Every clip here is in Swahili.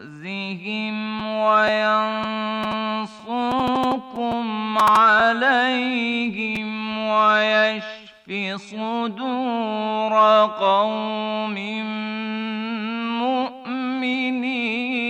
بأسهم وينصركم عليهم وَيَشْفِ صدور قوم مؤمنين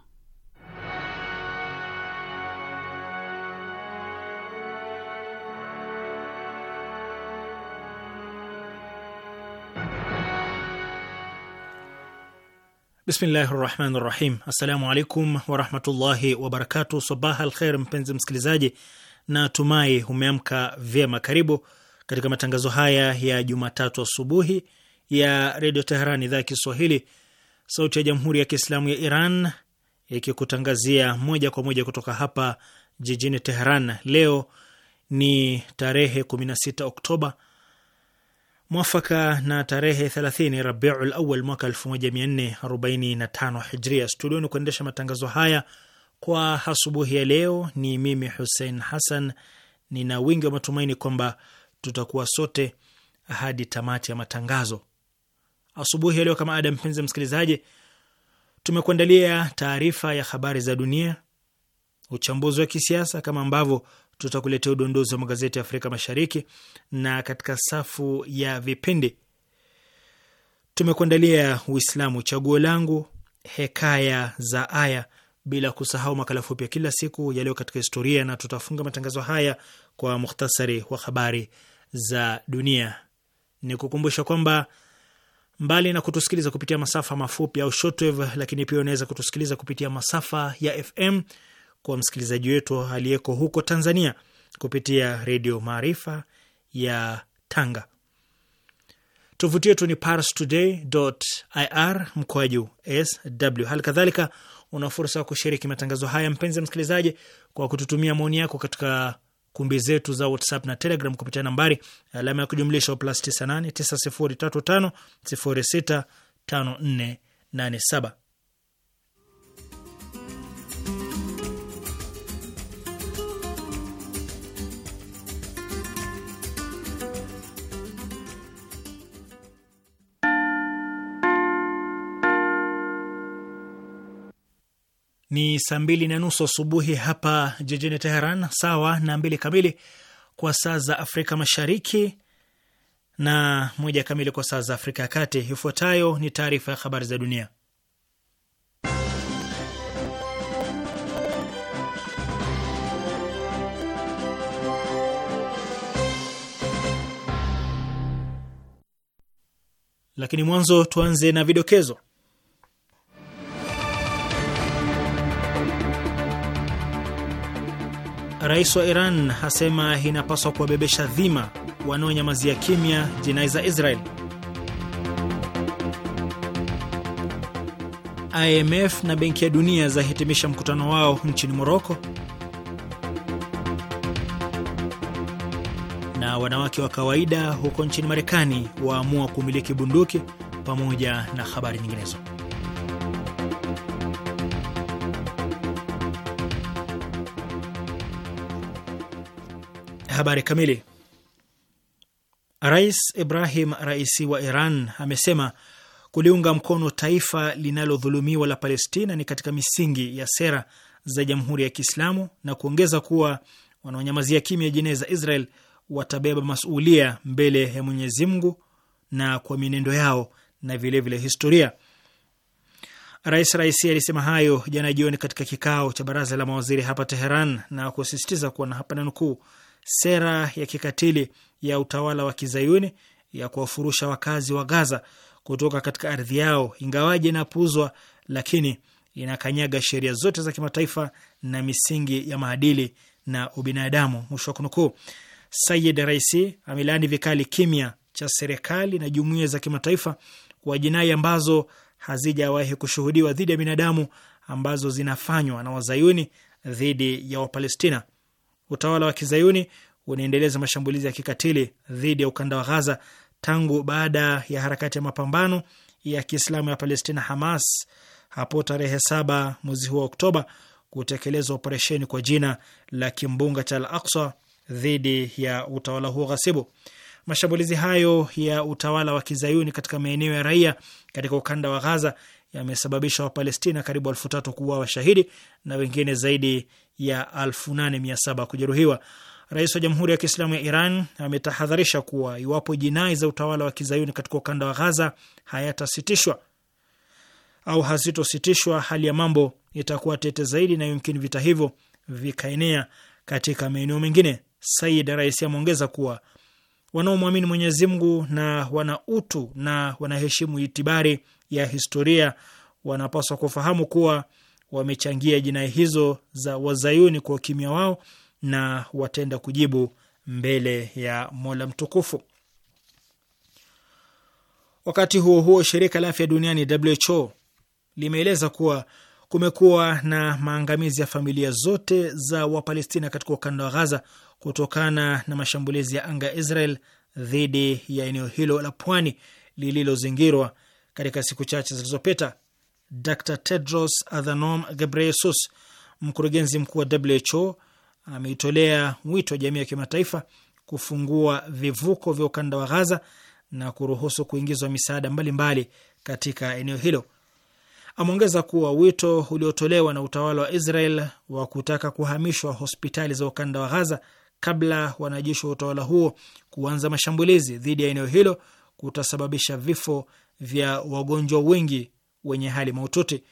Bismillahi rahmani rahim. Assalamu alaikum warahmatullahi wabarakatu. Sabah al mpenzi msikilizaji, na tumai umeamka vyema. Karibu katika matangazo haya ya Jumatatu asubuhi ya Redio Teheran, idhaa ya Kiswahili, sauti ya Jamhuri ya Kiislamu ya Iran, ikikutangazia moja kwa moja kutoka hapa jijini Teheran. Leo ni tarehe 16 Oktoba mwafaka na tarehe 30 Rabiul Awal mwaka 1445 Hijria. Studioni kuendesha matangazo haya kwa asubuhi ya leo ni mimi Hussein Hassan. Nina wingi wa matumaini kwamba tutakuwa sote hadi tamati ya matangazo asubuhi ya leo. Kama ada, mpenzi msikilizaji, tumekuandalia taarifa ya habari za dunia, uchambuzi wa kisiasa, kama ambavyo tutakuletea udondozi wa magazeti ya Afrika Mashariki, na katika safu ya vipindi tumekuandalia Uislamu chaguo langu, hekaya za aya, bila kusahau makala fupi ya kila siku yaliyo katika historia, na tutafunga matangazo haya kwa mukhtasari wa habari za dunia. Ni kukumbusha kwamba mbali na kutusikiliza kupitia masafa mafupi au shortwave, lakini pia unaweza kutusikiliza kupitia masafa ya FM kwa msikilizaji wetu aliyeko huko Tanzania kupitia Redio Maarifa ya Tanga. Tovuti yetu ni parstoday.ir mkoaju sw. Hali kadhalika una fursa ya kushiriki matangazo haya, mpenzi msikilizaji, kwa kututumia maoni yako katika kumbi zetu za WhatsApp na Telegram kupitia nambari alama ya kujumlisha plus 98 9035065487. ni saa mbili na nusu asubuhi hapa jijini Teheran, sawa na mbili kamili kwa saa za Afrika Mashariki na moja kamili kwa saa za Afrika ya Kati. Ifuatayo ni taarifa ya habari za dunia, lakini mwanzo tuanze na vidokezo. Rais wa Iran asema inapaswa kuwabebesha dhima wanaonyamazia kimya jinai za Israel. IMF na Benki ya Dunia zahitimisha mkutano wao nchini Moroko. Na wanawake wa kawaida huko nchini Marekani waamua kumiliki bunduki pamoja na habari nyinginezo. Habari kamili. Rais Ibrahim Raisi wa Iran amesema kuliunga mkono taifa linalodhulumiwa la Palestina ni katika misingi ya sera za Jamhuri ya Kiislamu na kuongeza kuwa wanaonyamazia kimya jinai za Israel watabeba masuulia mbele ya Mwenyezi Mungu na kwa mienendo yao na vilevile vile historia. Rais Raisi alisema hayo jana jioni katika kikao cha baraza la mawaziri hapa Teheran na kusisitiza kuwa, na hapa nanukuu, sera ya kikatili ya utawala wa kizayuni ya kuwafurusha wakazi wa Gaza kutoka katika ardhi yao, ingawaje inapuzwa, lakini inakanyaga sheria zote za kimataifa na misingi ya maadili na ubinadamu. Mwisho wa kunukuu. Sayid Raisi amelaani vikali kimya cha serikali na jumuiya za kimataifa kwa jinai ambazo hazijawahi kushuhudiwa dhidi ya binadamu ambazo zinafanywa na wazayuni dhidi ya Wapalestina utawala wa kizayuni unaendeleza mashambulizi ya kikatili dhidi ya ukanda wa Ghaza tangu baada ya harakati ya mapambano ya kiislamu ya Palestina, Hamas, hapo tarehe saba mwezi huu wa Oktoba kutekeleza operesheni kwa jina la kimbunga cha Al Aksa dhidi ya utawala huo ghasibu. Mashambulizi hayo ya utawala wa kizayuni katika maeneo ya raia katika ukanda wa Ghaza yamesababisha Wapalestina karibu elfu tatu kuwa washahidi na wengine zaidi ya elfu nane mia saba kujeruhiwa. Rais wa Jamhuri ya Kiislamu ya Iran ametahadharisha kuwa iwapo jinai za utawala wa kizayuni katika ukanda wa Ghaza hayatasitishwa au hazitositishwa, hali ya mambo itakuwa tete zaidi na yumkini vita hivyo vikaenea katika maeneo mengine. Said Rais ameongeza kuwa wanaomwamini Mwenyezi Mungu na wana utu na wanaheshimu itibari ya historia wanapaswa kufahamu kuwa wamechangia jinai hizo za wazayuni kwa ukimya wao na watenda kujibu mbele ya Mola Mtukufu. Wakati huo huo, shirika la afya duniani WHO limeeleza kuwa kumekuwa na maangamizi ya familia zote za Wapalestina katika ukanda wa Ghaza kutokana na mashambulizi ya anga ya Israel dhidi ya eneo hilo la pwani lililozingirwa katika siku chache zilizopita. Dr Tedros Adhanom Ghebreyesus, mkurugenzi mkuu wa WHO, ameitolea wito wa jamii ya kimataifa kufungua vivuko vya ukanda wa Ghaza na kuruhusu kuingizwa misaada mbalimbali katika eneo hilo. Ameongeza kuwa wito uliotolewa na utawala wa Israel wa kutaka kuhamishwa hospitali za ukanda wa Ghaza kabla wanajeshi wa utawala huo kuanza mashambulizi dhidi ya eneo hilo kutasababisha vifo vya wagonjwa wengi wenye hali mahututi.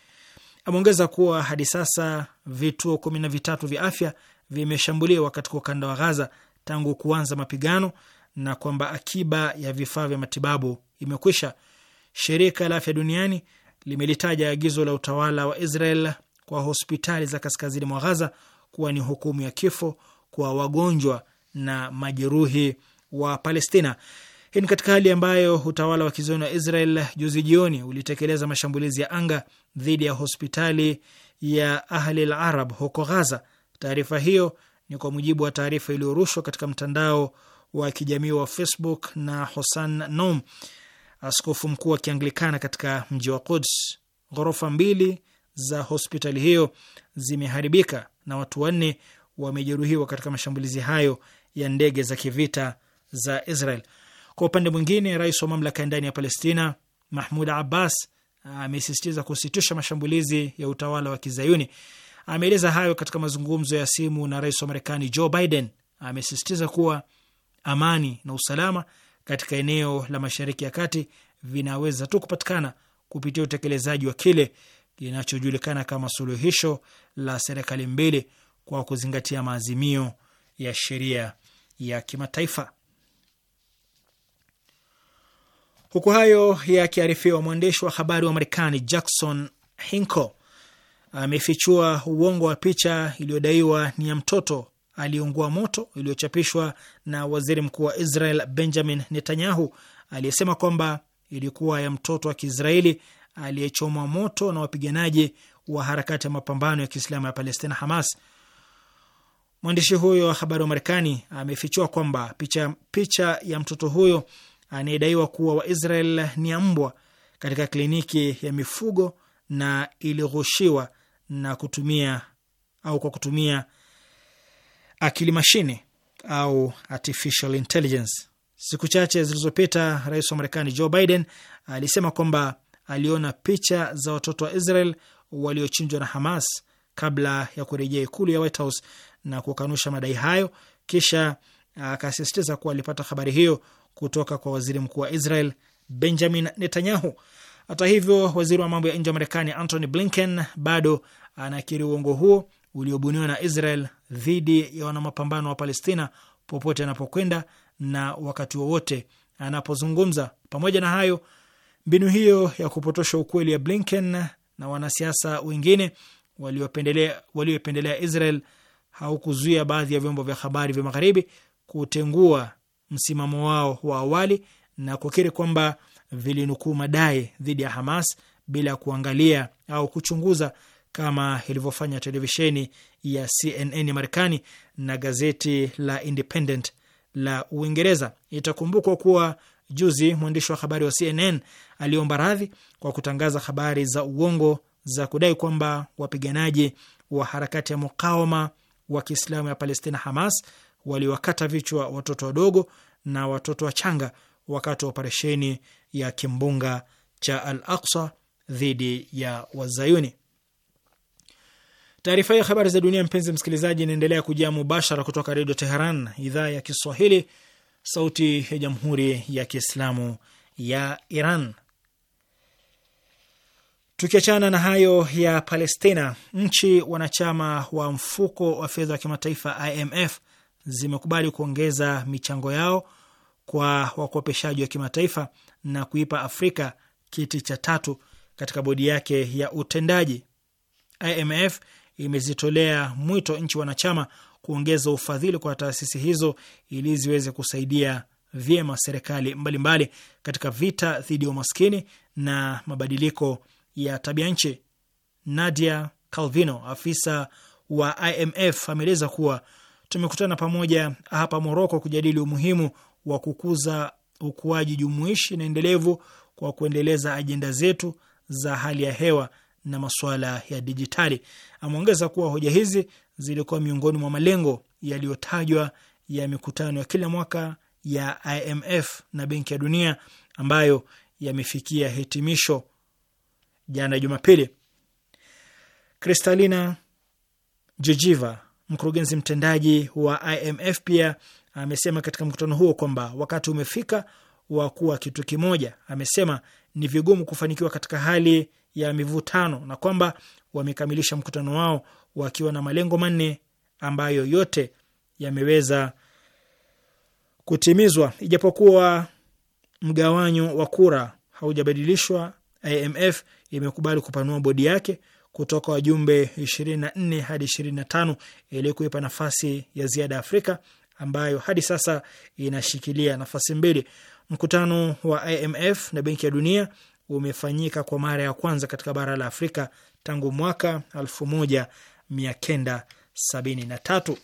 Ameongeza kuwa hadi sasa vituo kumi na vitatu vya afya vimeshambuliwa katika ukanda wa Ghaza tangu kuanza mapigano na kwamba akiba ya vifaa vya matibabu imekwisha. Shirika la Afya Duniani limelitaja agizo la utawala wa Israel kwa hospitali za kaskazini mwa Ghaza kuwa ni hukumu ya kifo kwa wagonjwa na majeruhi wa Palestina. Hii ni katika hali ambayo utawala wa kizoni wa Israel juzi jioni ulitekeleza mashambulizi ya anga dhidi ya hospitali ya Ahli al Arab huko Ghaza. Taarifa hiyo ni kwa mujibu wa taarifa iliyorushwa katika mtandao wa kijamii wa Facebook na Hosan Nom, askofu mkuu wa Kianglikana katika mji wa Quds. Ghorofa mbili za hospitali hiyo zimeharibika na watu wanne wamejeruhiwa katika mashambulizi hayo ya ndege za kivita za Israel. Kwa upande mwingine, rais wa mamlaka ya ndani ya Palestina Mahmud Abbas amesisitiza kusitisha mashambulizi ya utawala wa Kizayuni. Ameeleza hayo katika mazungumzo ya simu na rais wa Marekani Joe Biden. Amesisitiza kuwa amani na usalama katika eneo la Mashariki ya Kati vinaweza tu kupatikana kupitia utekelezaji wa kile kinachojulikana kama suluhisho la serikali mbili kwa kuzingatia maazimio ya sheria ya kimataifa. Huku hayo yakiarifiwa, mwandishi wa habari wa Marekani Jackson hinko amefichua uongo wa picha iliyodaiwa ni ya mtoto aliyeungua moto iliyochapishwa na waziri mkuu wa Israel Benjamin Netanyahu aliyesema kwamba ilikuwa ya mtoto wa Kiisraeli aliyechomwa moto na wapiganaji wa harakati ya mapambano ya Kiislamu ya Palestina, Hamas. Mwandishi huyo wa habari wa Marekani amefichua kwamba picha, picha ya mtoto huyo anayedaiwa kuwa Waisrael ni mbwa katika kliniki ya mifugo na ilighushiwa na kutumia au kwa kutumia akili mashine au artificial intelligence. Siku chache zilizopita, rais wa Marekani Joe Biden alisema kwamba aliona picha za watoto wa Israel waliochinjwa na Hamas kabla ya kurejea ikulu ya White House na kukanusha madai hayo, kisha akasisitiza kuwa alipata habari hiyo kutoka kwa waziri mkuu wa Israel Benjamin Netanyahu. Hata hivyo, waziri wa mambo ya nje wa Marekani Antony Blinken bado anakiri uongo huo uliobuniwa na Israel dhidi ya wanamapambano wa Palestina popote anapokwenda na wakati wowote anapozungumza. Pamoja na hayo, mbinu hiyo ya kupotosha ukweli ya Blinken na wanasiasa wengine waliopendelea Israel haukuzuia baadhi ya vyombo vya habari vya magharibi kutengua msimamo wao wa awali na kukiri kwamba vilinukuu madai dhidi ya Hamas bila kuangalia au kuchunguza kama ilivyofanya televisheni ya CNN ya Marekani na gazeti la Independent la Uingereza. Itakumbukwa kuwa juzi mwandishi wa habari wa CNN aliomba radhi kwa kutangaza habari za uongo za kudai kwamba wapiganaji wa harakati ya mukawama wa Kiislamu ya Palestina Hamas waliwakata vichwa watoto wadogo na watoto wachanga wakati wa operesheni ya kimbunga cha Al Aksa dhidi ya Wazayuni. Taarifa hiyo habari za dunia, mpenzi msikilizaji, inaendelea kujia mubashara kutoka Redio Teheran, idhaa ya Kiswahili, sauti ya Jamhuri ya Kiislamu ya Iran. Tukiachana na hayo ya Palestina, nchi wanachama wa mfuko wa fedha wa kimataifa IMF zimekubali kuongeza michango yao kwa wakopeshaji wa kimataifa na kuipa Afrika kiti cha tatu katika bodi yake ya utendaji. IMF imezitolea mwito nchi wanachama kuongeza ufadhili kwa taasisi hizo ili ziweze kusaidia vyema serikali mbalimbali katika vita dhidi ya umaskini na mabadiliko ya tabia nchi. Nadia Calvino, afisa wa IMF, ameeleza kuwa tumekutana pamoja hapa Moroko kujadili umuhimu wa kukuza ukuaji jumuishi na endelevu kwa kuendeleza ajenda zetu za hali ya hewa na masuala ya dijitali. Ameongeza kuwa hoja hizi zilikuwa miongoni mwa malengo yaliyotajwa ya mikutano ya kila mwaka ya IMF na Benki ya Dunia ambayo yamefikia hitimisho jana Jumapili. Kristalina jijiva Mkurugenzi mtendaji wa IMF pia amesema katika mkutano huo kwamba wakati umefika wa kuwa kitu kimoja. Amesema ni vigumu kufanikiwa katika hali ya mivutano na kwamba wamekamilisha mkutano wao wakiwa na malengo manne ambayo yote yameweza kutimizwa. Ijapokuwa mgawanyo wa kura haujabadilishwa, IMF imekubali kupanua bodi yake kutoka wajumbe 24 hadi 25 ili kuipa nafasi ya ziada ya Afrika ambayo hadi sasa inashikilia nafasi mbili. Mkutano wa IMF na Benki ya Dunia umefanyika kwa mara ya kwanza katika bara la Afrika tangu mwaka 1973.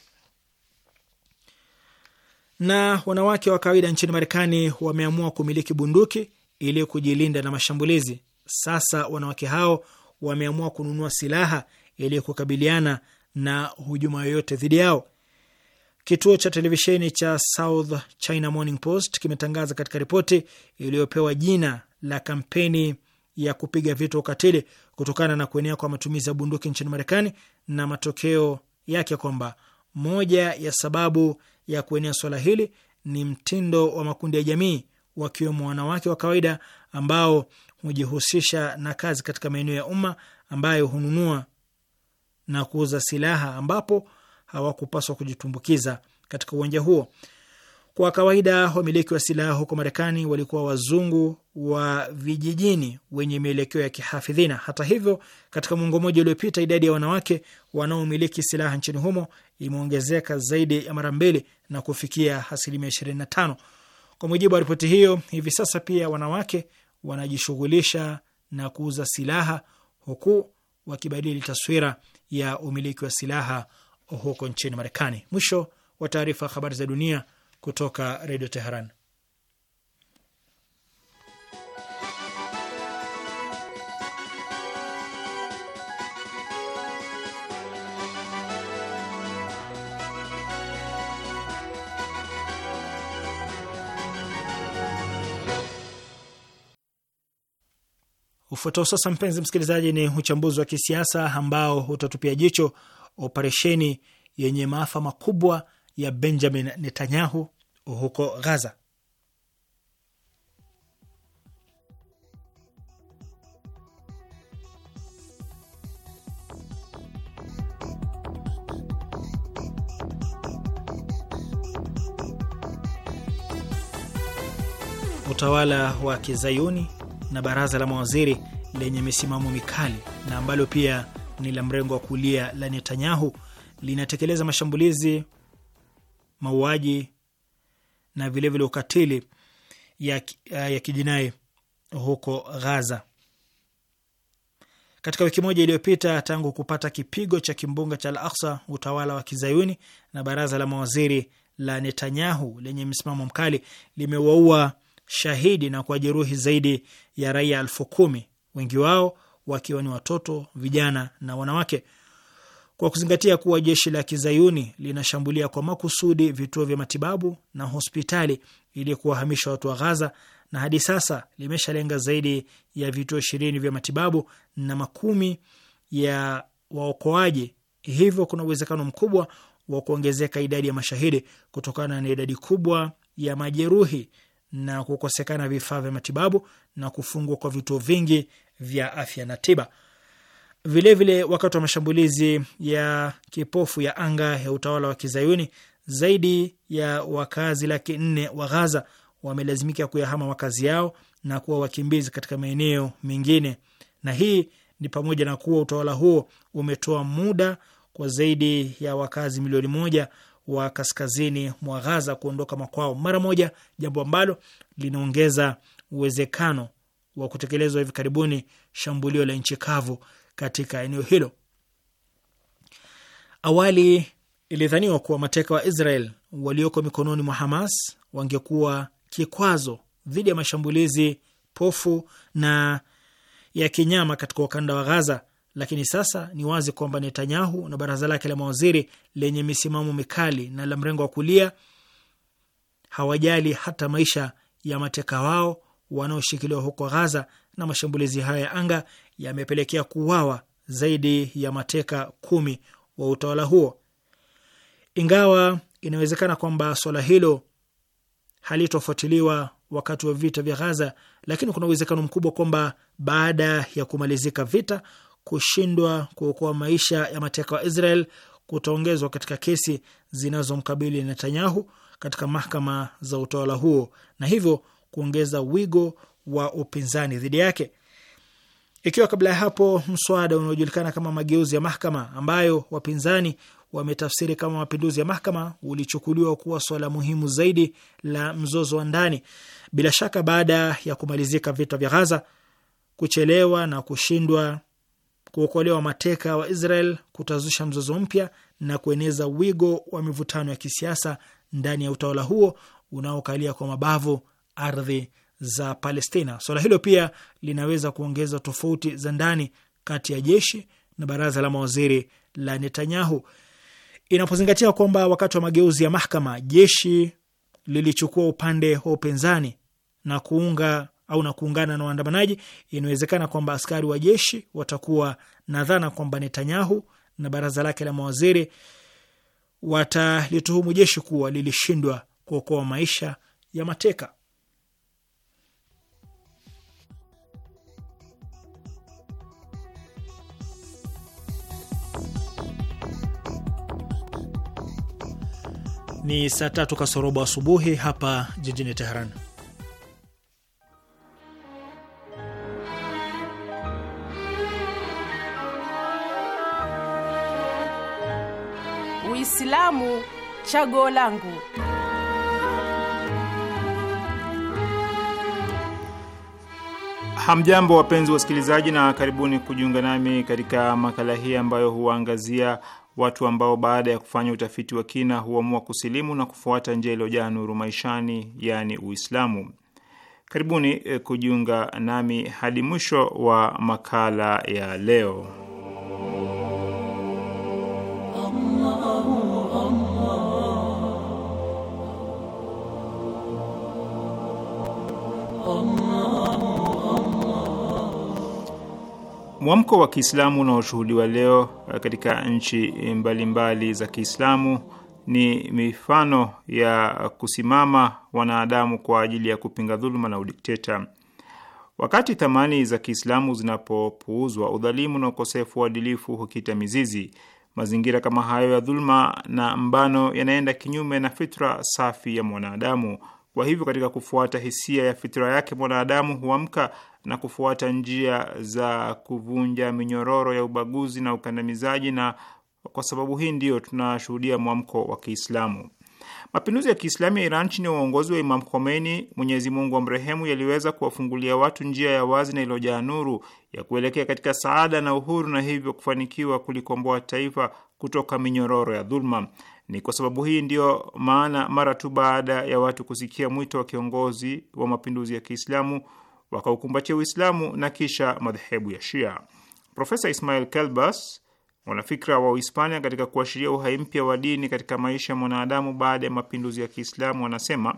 Na wanawake wa kawaida nchini Marekani wameamua kumiliki bunduki ili kujilinda na mashambulizi. Sasa wanawake hao wameamua kununua silaha ili kukabiliana na hujuma yoyote dhidi yao. Kituo cha televisheni cha South China Morning Post kimetangaza katika ripoti iliyopewa jina la kampeni ya kupiga vita ukatili kutokana na kuenea kwa matumizi ya bunduki nchini Marekani na matokeo yake kwamba moja ya sababu ya kuenea swala hili ni mtindo wa makundi ya jamii wakiwemo wanawake wa kawaida ambao hujihusisha na kazi katika maeneo ya umma ambayo hununua na kuuza silaha ambapo hawakupaswa kujitumbukiza katika uwanja huo. Kwa kawaida wamiliki wa silaha huko Marekani walikuwa wazungu wa vijijini wenye mielekeo ya kihafidhina. Hata hivyo, katika mwongo mmoja uliopita, idadi ya wanawake wanaomiliki silaha nchini humo imeongezeka zaidi ya mara mbili na kufikia asilimia ishirini na tano kwa mujibu wa ripoti hiyo. Hivi sasa pia wanawake wanajishughulisha na kuuza silaha huku wakibadili taswira ya umiliki wa silaha huko nchini Marekani. Mwisho wa taarifa. Habari za dunia kutoka Redio Teheran. Ufuatao sasa, mpenzi msikilizaji, ni uchambuzi wa kisiasa ambao utatupia jicho operesheni yenye maafa makubwa ya Benjamin Netanyahu huko Gaza. Utawala wa kizayuni na baraza la mawaziri lenye misimamo mikali na ambalo pia ni la mrengo wa kulia la Netanyahu linatekeleza mashambulizi, mauaji na vilevile vile ukatili ya, ya kijinai huko Gaza. Katika wiki moja iliyopita tangu kupata kipigo cha kimbunga cha Al-Aqsa, utawala wa kizayuni na baraza la mawaziri la Netanyahu lenye msimamo mkali limewaua shahidi na kwa jeruhi zaidi ya raia elfu kumi, wengi wao wakiwa ni watoto, vijana na wanawake. Kwa kuzingatia kuwa jeshi la kizayuni linashambulia kwa makusudi vituo vya matibabu na hospitali ili kuwahamisha watu wa Ghaza, na hadi sasa limeshalenga zaidi ya vituo ishirini vya matibabu na makumi ya waokoaji, hivyo kuna uwezekano mkubwa wa kuongezeka idadi ya mashahidi kutokana na idadi kubwa ya majeruhi na kukosekana vifaa vya matibabu na kufungwa kwa vituo vingi vya afya na tiba. Vilevile, wakati wa mashambulizi ya kipofu ya anga ya utawala wa kizayuni zaidi ya wakazi laki nne wa Ghaza wamelazimika kuyahama makazi yao na kuwa wakimbizi katika maeneo mengine, na hii ni pamoja na kuwa utawala huo umetoa muda kwa zaidi ya wakazi milioni moja wa kaskazini mwa Ghaza kuondoka makwao mara moja, jambo ambalo linaongeza uwezekano wa kutekelezwa hivi karibuni shambulio la nchi kavu katika eneo hilo. Awali ilidhaniwa kuwa mateka wa Israel walioko mikononi mwa Hamas wangekuwa kikwazo dhidi ya mashambulizi pofu na ya kinyama katika ukanda wa Ghaza lakini sasa ni wazi kwamba Netanyahu na baraza lake la mawaziri lenye misimamo mikali na la mrengo wa kulia hawajali hata maisha ya mateka wao wanaoshikiliwa huko Ghaza, na mashambulizi hayo ya anga yamepelekea kuuawa zaidi ya mateka kumi wa utawala huo. Ingawa inawezekana kwamba swala hilo halitofuatiliwa wakati wa vita vya Ghaza, lakini kuna uwezekano mkubwa kwamba baada ya kumalizika vita kushindwa kuokoa maisha ya mateka wa Israel kutaongezwa katika kesi zinazomkabili Netanyahu katika mahakama za utawala huo na hivyo kuongeza wigo wa upinzani dhidi yake. Ikiwa kabla ya hapo mswada unaojulikana kama mageuzi ya mahakama, ambayo wapinzani wametafsiri kama mapinduzi ya mahakama, ulichukuliwa kuwa swala muhimu zaidi la mzozo wa ndani, bila shaka baada ya kumalizika vita vya Ghaza, kuchelewa na kushindwa kuokolewa mateka wa Israel kutazusha mzozo mpya na kueneza wigo wa mivutano ya kisiasa ndani ya utawala huo unaokalia kwa mabavu ardhi za Palestina. Swala hilo pia linaweza kuongeza tofauti za ndani kati ya jeshi na baraza la mawaziri la Netanyahu, inapozingatia kwamba wakati wa mageuzi ya mahakama jeshi lilichukua upande wa upinzani na kuunga au na kuungana na waandamanaji, inawezekana kwamba askari wa jeshi watakuwa na dhana kwamba Netanyahu na baraza lake la mawaziri watalituhumu jeshi kuwa lilishindwa kuokoa maisha ya mateka. Ni saa tatu kasorobo asubuhi hapa jijini Teheran. Uislamu chaguo langu. Hamjambo, wapenzi wasikilizaji, na karibuni kujiunga nami katika makala hii ambayo huwaangazia watu ambao baada ya kufanya utafiti wa kina huamua kusilimu na kufuata njia iliyojaa nuru maishani, yaani Uislamu. Karibuni eh, kujiunga nami hadi mwisho wa makala ya leo. Mwamko wa Kiislamu unaoshuhudiwa leo eh, katika nchi eh, mbalimbali mbali za Kiislamu ni mifano ya kusimama wanadamu kwa ajili ya kupinga dhuluma na udikteta. Wakati thamani za Kiislamu zinapopuuzwa, udhalimu na ukosefu wa uadilifu hukita mizizi. Mazingira kama hayo ya dhuluma na mbano yanaenda kinyume na fitra safi ya mwanadamu. Kwa hivyo, katika kufuata hisia ya fitra yake, mwanadamu huamka na kufuata njia za kuvunja minyororo ya ubaguzi na ukandamizaji, na kwa sababu hii ndiyo tunashuhudia mwamko wa Kiislamu. Mapinduzi ya Kiislamu ya Iran chini ya uongozi wa Imam Khomeini, Mwenyezi Mungu amrehemu, yaliweza kuwafungulia watu njia ya wazi na iliyojaa nuru ya kuelekea katika saada na uhuru, na hivyo kufanikiwa kulikomboa taifa kutoka minyororo ya dhuluma. Ni kwa sababu hii ndiyo maana mara tu baada ya watu kusikia mwito wa kiongozi wa mapinduzi ya Kiislamu wakaukumbatia Uislamu na kisha madhehebu ya Shia. Profesa Ismail Kelbas, mwanafikra wa Uhispania, katika kuashiria uhai mpya wa dini katika maisha ya mwanadamu baada ya mapinduzi ya Kiislamu, anasema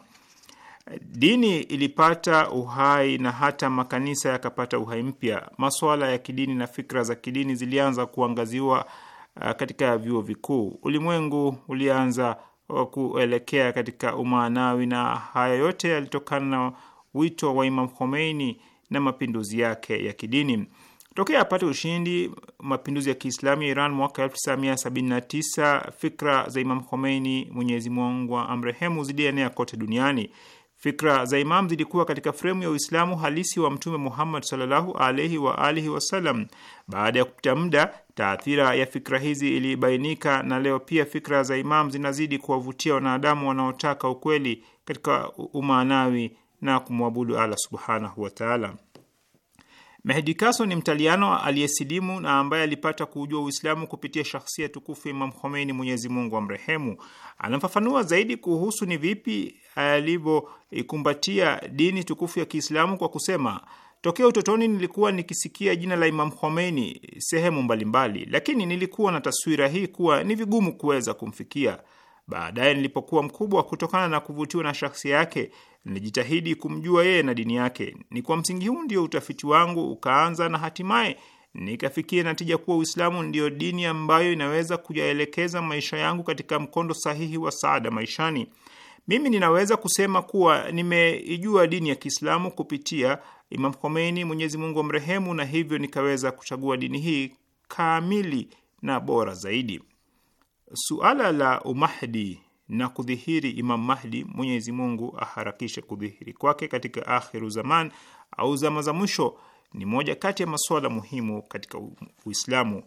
dini ilipata uhai na hata makanisa yakapata uhai mpya. Masuala ya kidini na fikra za kidini zilianza kuangaziwa uh, katika vyuo vikuu. Ulimwengu ulianza uh, kuelekea katika umaanawi, na haya yote yalitokana na wito wa Imam Khomeini na mapinduzi yake ya kidini. Tokea apate ushindi mapinduzi ya Kiislamu ya Iran mwaka 1979, fikra za Imam Khomeini, Mwenyezi Mungu amrehemu, zilienea kote duniani. Fikra za Imam zilikuwa katika fremu ya Uislamu halisi wa Mtume Muhammad sallallahu alaihi wa alihi wasallam. Baada ya kupita muda, taathira ya fikra hizi ilibainika, na leo pia fikra za Imam zinazidi kuwavutia wanadamu wanaotaka ukweli katika umaanawi na kumwabudu Allah subhanahu wataala. Mehdi Kaso ni mtaliano aliyesilimu na ambaye alipata kuujua Uislamu kupitia shahsia tukufu Imam Khomeini, Mwenyezi Mungu amrehemu. Anamfafanua zaidi kuhusu ni vipi alivyoikumbatia dini tukufu ya Kiislamu kwa kusema, tokea utotoni nilikuwa nikisikia jina la Imam Khomeini sehemu mbalimbali, lakini nilikuwa na taswira hii kuwa ni vigumu kuweza kumfikia Baadaye nilipokuwa mkubwa, kutokana na kuvutiwa na shakhsi yake, nilijitahidi kumjua yeye na dini yake. Ni kwa msingi huu ndio utafiti wangu ukaanza na hatimaye nikafikia natija kuwa Uislamu ndiyo dini ambayo inaweza kuyaelekeza maisha yangu katika mkondo sahihi wa saada maishani. Mimi ninaweza kusema kuwa nimeijua dini ya Kiislamu kupitia Imam Khomeini, Mwenyezi Mungu amrehemu, na hivyo nikaweza kuchagua dini hii kamili na bora zaidi suala la umahdi na kudhihiri Imam Mahdi, Mwenyezi Mungu aharakishe kudhihiri kwake katika akhiru zaman au zama za mwisho, ni moja kati ya masuala muhimu katika Uislamu.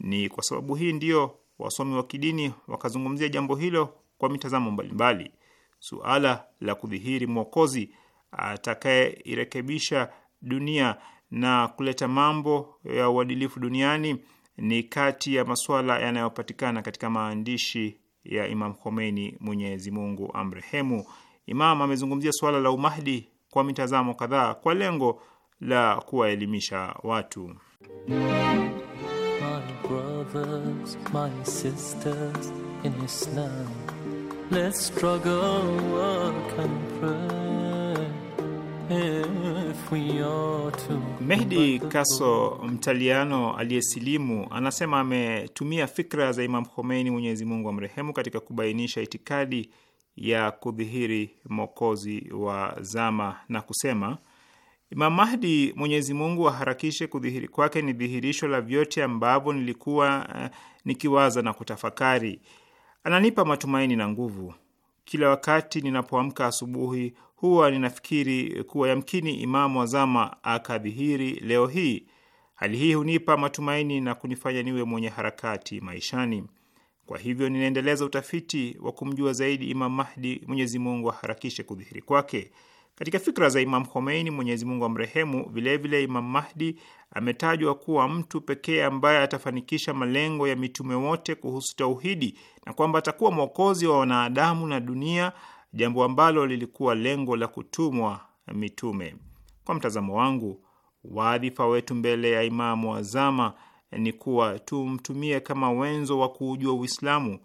Ni kwa sababu hii ndiyo wasomi wa kidini wakazungumzia jambo hilo kwa mitazamo mbalimbali. Suala la kudhihiri mwokozi atakayeirekebisha dunia na kuleta mambo ya uadilifu duniani ni kati ya masuala yanayopatikana katika maandishi ya Imam Khomeini, Mwenyezi Mungu amrehemu. Imam amezungumzia suala la umahdi kwa mitazamo kadhaa kwa lengo la kuwaelimisha watu. My brothers, my sisters in Islam, let's struggle, work and pray. Mehdi Kaso, mtaliano aliyesilimu, anasema ametumia fikra za Imam Khomeini, Mwenyezi Mungu amrehemu, katika kubainisha itikadi ya kudhihiri Mwokozi wa zama na kusema Imam Mahdi, Mwenyezi Mungu aharakishe kudhihiri kwake, ni dhihirisho la vyote ambavyo nilikuwa eh, nikiwaza na kutafakari. Ananipa matumaini na nguvu kila wakati ninapoamka asubuhi huwa ninafikiri kuwa yamkini Imamu Azama akadhihiri leo hii. Hali hii hunipa matumaini na kunifanya niwe mwenye harakati maishani. Kwa hivyo ninaendeleza utafiti wa kumjua zaidi Imam Mahdi, Mwenyezi Mungu aharakishe kudhihiri kwake. Katika fikra za Imam Khomeini, Mwenyezi Mungu amrehemu, vilevile Imam Mahdi ametajwa kuwa mtu pekee ambaye atafanikisha malengo ya mitume wote kuhusu tauhidi na kwamba atakuwa mwokozi wa wanadamu na dunia, jambo ambalo lilikuwa lengo la kutumwa mitume. Kwa mtazamo wangu, wadhifa wetu mbele ya Imamu wazama ni kuwa tumtumie kama wenzo wa kuujua Uislamu.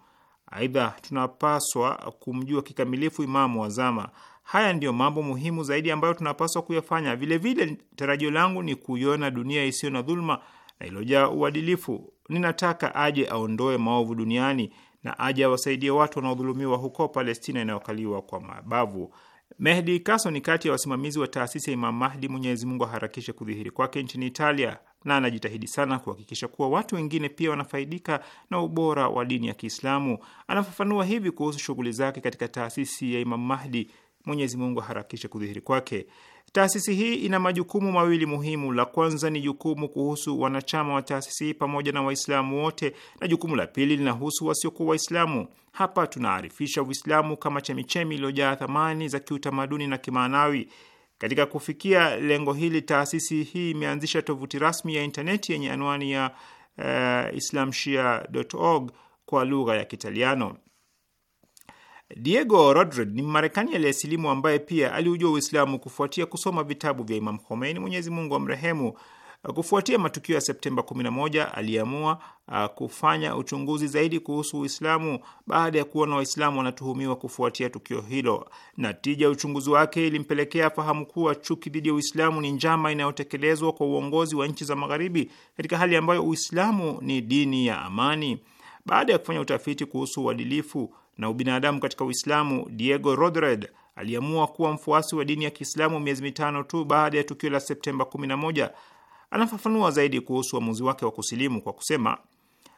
Aidha, tunapaswa kumjua kikamilifu Imamu zama Haya ndiyo mambo muhimu zaidi ambayo tunapaswa kuyafanya. Vilevile, tarajio langu ni kuiona dunia isiyo na dhuluma na iliyojaa uadilifu. Ninataka aje aondoe maovu duniani na aje awasaidie watu wanaodhulumiwa huko Palestina inayokaliwa kwa mabavu. Mehdi Kaso ni kati ya wasimamizi wa taasisi ya Imam Mahdi, Mwenyezi Mungu aharakishe kudhihiri kwake nchini Italia, na anajitahidi sana kuhakikisha kuwa watu wengine pia wanafaidika na ubora wa dini ya Kiislamu. Anafafanua hivi kuhusu shughuli zake katika taasisi ya Imam Mahdi Mwenyezi Mungu aharakishe kudhihiri kwake. Taasisi hii ina majukumu mawili muhimu. La kwanza ni jukumu kuhusu wanachama wa taasisi hii pamoja na Waislamu wote, na jukumu la pili linahusu wasiokuwa Waislamu. Hapa tunaarifisha Uislamu kama chemichemi iliyojaa thamani za kiutamaduni na kimaanawi. Katika kufikia lengo hili, taasisi hii imeanzisha tovuti rasmi ya intaneti yenye anwani ya uh, eh, islamshia.org kwa lugha ya Kitaliano. Diego Rodred ni marekani aliyesilimu ambaye pia aliujua Uislamu kufuatia kusoma vitabu vya Imam Khomeini, Mwenyezi Mungu amrehemu. Kufuatia matukio ya Septemba 11 aliamua uh, kufanya uchunguzi zaidi kuhusu Uislamu baada ya kuona Waislamu wanatuhumiwa kufuatia tukio hilo. Natija ya uchunguzi wake ilimpelekea fahamu kuwa chuki dhidi ya Uislamu ni njama inayotekelezwa kwa uongozi wa nchi za Magharibi katika hali ambayo Uislamu ni dini ya amani. Baada ya kufanya utafiti kuhusu uadilifu na ubinadamu katika Uislamu, Diego Rodred aliamua kuwa mfuasi wa dini ya Kiislamu miezi mitano tu baada ya tukio la Septemba 11. Anafafanua zaidi kuhusu uamuzi wake wa kusilimu kwa kusema,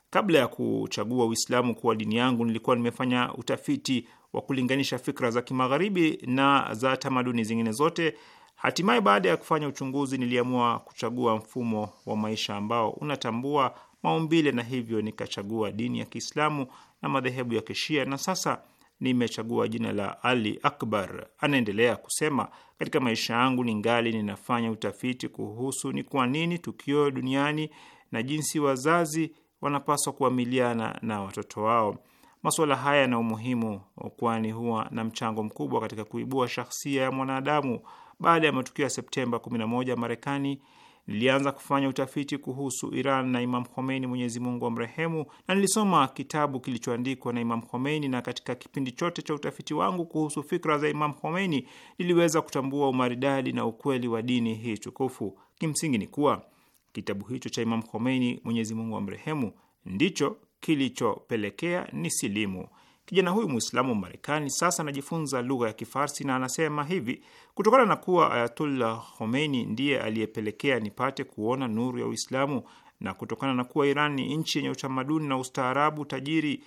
kabla ya kuchagua Uislamu kuwa dini yangu, nilikuwa nimefanya utafiti wa kulinganisha fikra za kimagharibi na za tamaduni zingine zote. Hatimaye, baada ya kufanya uchunguzi, niliamua kuchagua mfumo wa maisha ambao unatambua maumbile na hivyo nikachagua dini ya Kiislamu na madhehebu ya Kishia na sasa nimechagua jina la Ali Akbar. Anaendelea kusema, katika maisha yangu ningali ninafanya utafiti kuhusu ni kwa nini tukio duniani na jinsi wazazi wanapaswa kuamiliana na watoto wao. Masuala haya yana umuhimu, kwani huwa na mchango mkubwa katika kuibua shahsia ya mwanadamu. Baada ya matukio ya Septemba 11 Marekani Nilianza kufanya utafiti kuhusu Iran na Imam Khomeini, Mwenyezi Mungu amrehemu, na nilisoma kitabu kilichoandikwa na Imam Khomeini, na katika kipindi chote cha utafiti wangu kuhusu fikra za Imam Khomeini niliweza kutambua umaridadi na ukweli wa dini hii tukufu. Kimsingi ni kuwa kitabu hicho cha Imam Khomeini, Mwenyezi Mungu amrehemu, ndicho kilichopelekea nisilimu. Kijana huyu Mwislamu wa Marekani sasa anajifunza lugha ya Kifarsi na anasema hivi: kutokana na kuwa Ayatullah Khomeini ndiye aliyepelekea nipate kuona nuru ya Uislamu na kutokana na kuwa Iran ni nchi yenye utamaduni na ustaarabu tajiri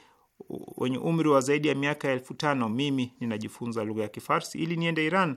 wenye umri wa zaidi ya miaka elfu tano mimi ninajifunza lugha ya Kifarsi ili niende Iran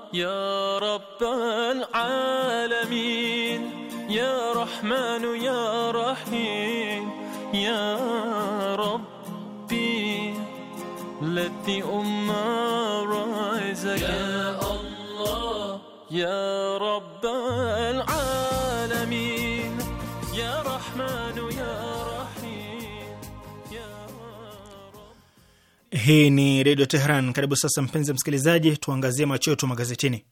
يا رب العالمين يا رحمن يا رحيم يا ربي let the ummah يا الله يا رب العالمين Hii ni Redio Tehran. Karibu sasa, mpenzi msikilizaji, tuangazie macho yetu magazetini.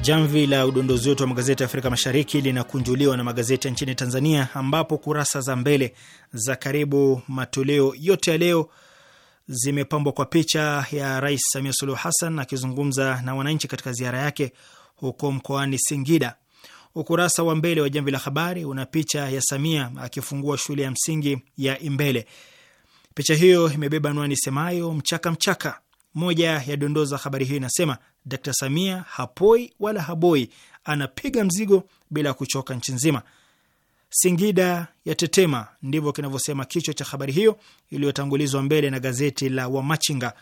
Jamvi la udondozi wetu wa magazeti ya Afrika Mashariki linakunjuliwa na magazeti ya nchini Tanzania, ambapo kurasa za mbele za karibu matoleo yote ya leo zimepambwa kwa picha ya Rais Samia Suluhu Hassan akizungumza na wananchi katika ziara yake huko mkoani Singida. Ukurasa wa mbele wa Jamvi la Habari una picha ya Samia akifungua shule ya msingi ya Imbele. Picha hiyo imebeba anwani semayo mchaka mchaka. Moja ya dondoo za habari hiyo inasema Dkt Samia hapoi wala haboi, anapiga mzigo bila kuchoka nchi nzima. Singida ya tetema, ndivyo kinavyosema kichwa cha habari hiyo iliyotangulizwa mbele na gazeti la Wamachinga.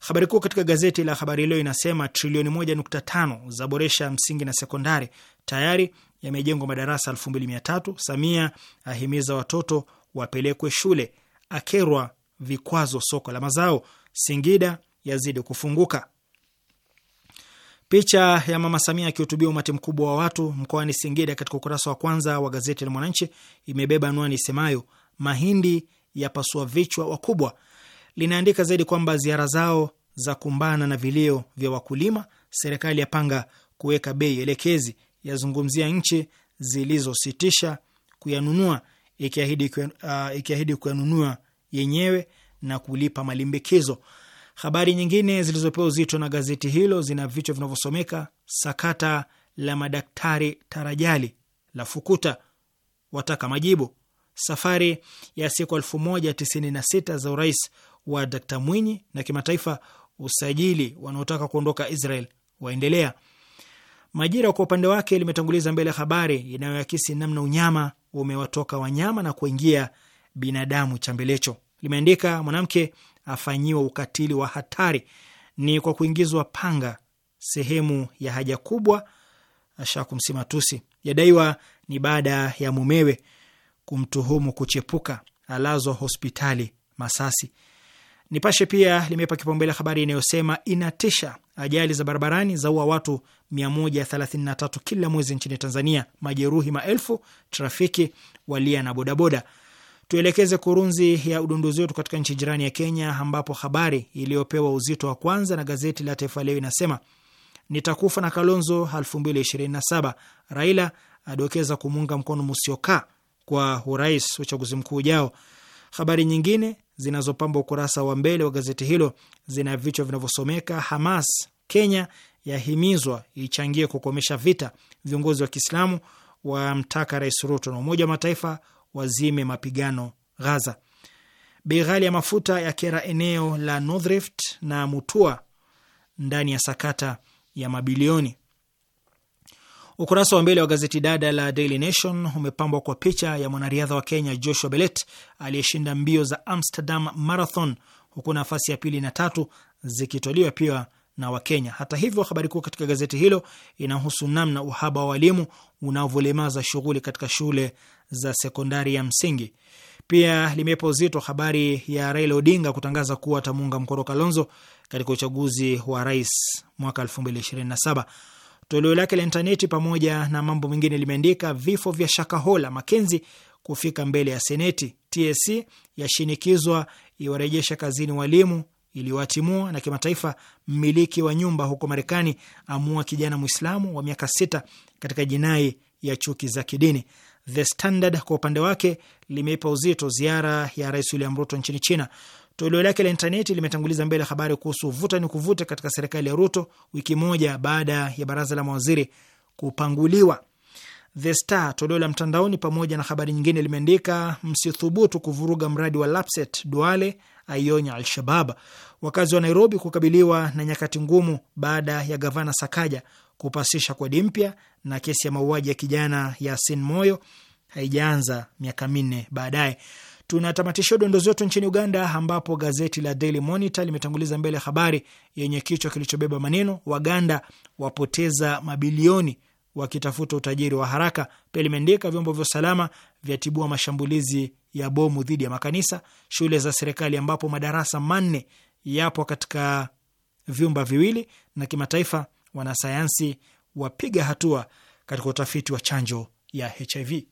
Habari kuu katika gazeti la Habari Leo inasema trilioni tano za boresha msingi na sekondari tayari yamejengwa madarasa tatu. Samia ahimiza watoto wapelekwe shule, akerwa vikwazo soko la mazao, Singida yazidi kufunguka. Picha ya Mama Samia akihutubia umati mkubwa wa watu mkoani Singida katika ukurasa wa kwanza wa gazeti la Mwananchi imebeba anwani isemayo mahindi yapasua vichwa wakubwa linaandika zaidi kwamba ziara zao za kumbana na vilio vya wakulima, serikali yapanga kuweka bei elekezi, yazungumzia nchi zilizositisha kuyanunua ikiahidi, uh, ikiahidi kuyanunua yenyewe na kulipa malimbikizo. Habari nyingine zilizopewa uzito na gazeti hilo zina vichwa vinavyosomeka sakata la madaktari Tarajali la fukuta, wataka majibu, safari ya siku elfu moja tisini na sita za urais wa Dkt Mwinyi na kimataifa usajili wanaotaka kuondoka Israel waendelea. Majira kwa upande wake limetanguliza mbele habari inayoakisi namna unyama umewatoka wanyama na kuingia binadamu. Chambelecho limeandika mwanamke afanyiwa ukatili wa hatari ni kwa kuingizwa panga sehemu ya haja kubwa, ashakumsimatusi yadaiwa ni baada ya mumewe kumtuhumu kuchepuka, alazwa hospitali Masasi. Nipashe pia limepa kipaumbele habari inayosema inatisha, ajali za barabarani zaua watu 133 kila mwezi nchini Tanzania, majeruhi maelfu, trafiki walia na bodaboda. Tuelekeze kurunzi ya udunduzi wetu katika nchi jirani ya Kenya, ambapo habari iliyopewa uzito wa kwanza na gazeti la Taifa Leo inasema nitakufa na Kalonzo 2027, Raila adokeza kumuunga mkono Musyoka kwa urais uchaguzi mkuu ujao. Habari nyingine zinazopamba ukurasa wa mbele wa gazeti hilo zina vichwa vinavyosomeka: Hamas Kenya yahimizwa ichangie kukomesha vita, viongozi wa Kiislamu wamtaka Rais Ruto, na Umoja wa Mataifa wazime mapigano Gaza, bei ghali ya mafuta ya kera eneo la North na Mutua ndani ya sakata ya mabilioni. Ukurasa wa mbele wa gazeti dada la Daily Nation umepambwa kwa picha ya mwanariadha wa Kenya Joshua Belet aliyeshinda mbio za Amsterdam Marathon, huku nafasi ya pili na tatu zikitolewa pia na Wakenya. Hata hivyo, habari kuu katika gazeti hilo inahusu namna uhaba wa walimu unavyolemaza shughuli katika shule za sekondari ya msingi. Pia limepa uzito habari ya Raila Odinga kutangaza kuwa atamuunga mkono Kalonzo katika uchaguzi wa rais mwaka 2027. Toleo lake la intaneti pamoja na mambo mengine limeandika vifo vya Shakahola Makenzi kufika mbele ya Seneti, TSC yashinikizwa iwarejesha kazini walimu iliwatimua, na kimataifa, mmiliki wa nyumba huko Marekani amua kijana Mwislamu wa miaka sita katika jinai ya chuki za kidini. The Standard kwa upande wake limeipa uzito ziara ya Rais William Ruto nchini China. Toleo lake la intaneti limetanguliza mbele habari kuhusu vuta ni kuvuta katika serikali ya Ruto wiki moja baada ya baraza la mawaziri kupanguliwa. The Star toleo la mtandaoni, pamoja na habari nyingine, limeandika msithubutu kuvuruga mradi wa Lapset, Duale aionya Alshabab. Wakazi wa Nairobi kukabiliwa na nyakati ngumu baada ya gavana Sakaja kupasisha kodi mpya, na kesi ya mauaji ya kijana Yasin Moyo haijaanza miaka minne baadaye tunatamatishia dondoo zetu nchini Uganda, ambapo gazeti la Daily Monitor limetanguliza mbele habari yenye kichwa kilichobeba maneno Waganda wapoteza mabilioni wakitafuta utajiri wa haraka. Pia limeandika vyombo vya usalama vyatibua mashambulizi ya bomu dhidi ya makanisa, shule za serikali ambapo madarasa manne yapo katika vyumba viwili, na kimataifa, wanasayansi wapiga hatua katika utafiti wa chanjo ya HIV.